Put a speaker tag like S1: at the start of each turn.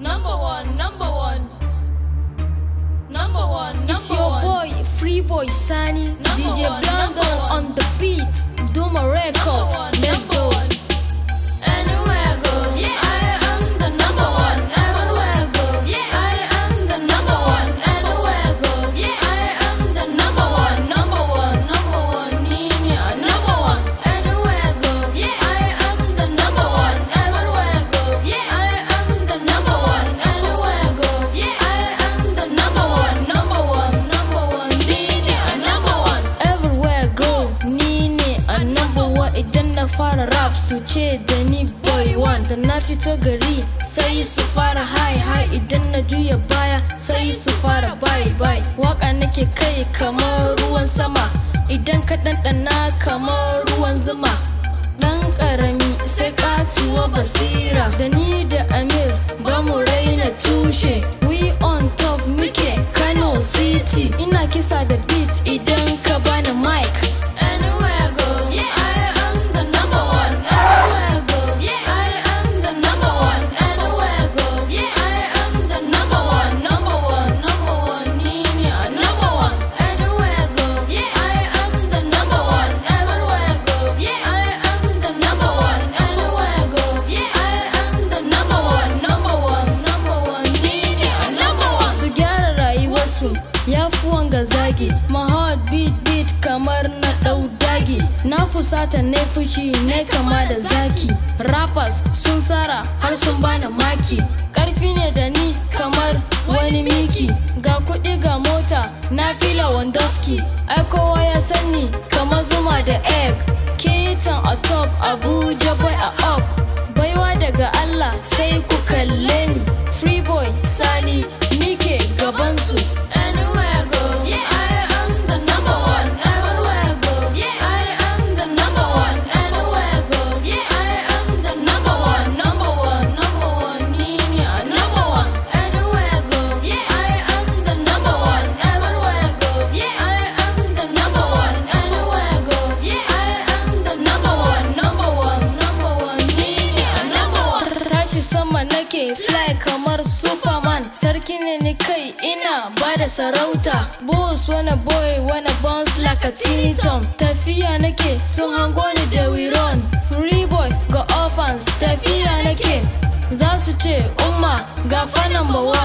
S1: Number one, number one. Number one, number It's your boy,
S2: Free Boy Sunny, DJ Blondon on the beat, Duma Records. fara rap su ce da ni boy one da na fito gari sai su fara hi hi idan na juya baya sai su fara bye bye waka nake kai kamar ruwan sama idan ka ɗanɗana kamar ruwan zuma ɗan ƙarami sai katuwa basira da ni da amir ba mu raina tushe we on top muke kano city ina kisa da kusata ne fushi ne kama da zaki rappers sun tsara har sun bani maki karfi ne da ni kamar wani miki ga kuɗi ga mota na fila wandoski ai kowa ya sani kamar zuma da egg keyitan a top abuja boy a up baiwa daga allah sai ku kalle ni free boy sani nike gabansu nake fly kamar superman sarki ne ni kai ina bada sarauta boss wanna boy wanna bounce like a teeny tafiya nake sun hango ni da we run free boy ga orphans tafiya nake za su ce umma ga fa number one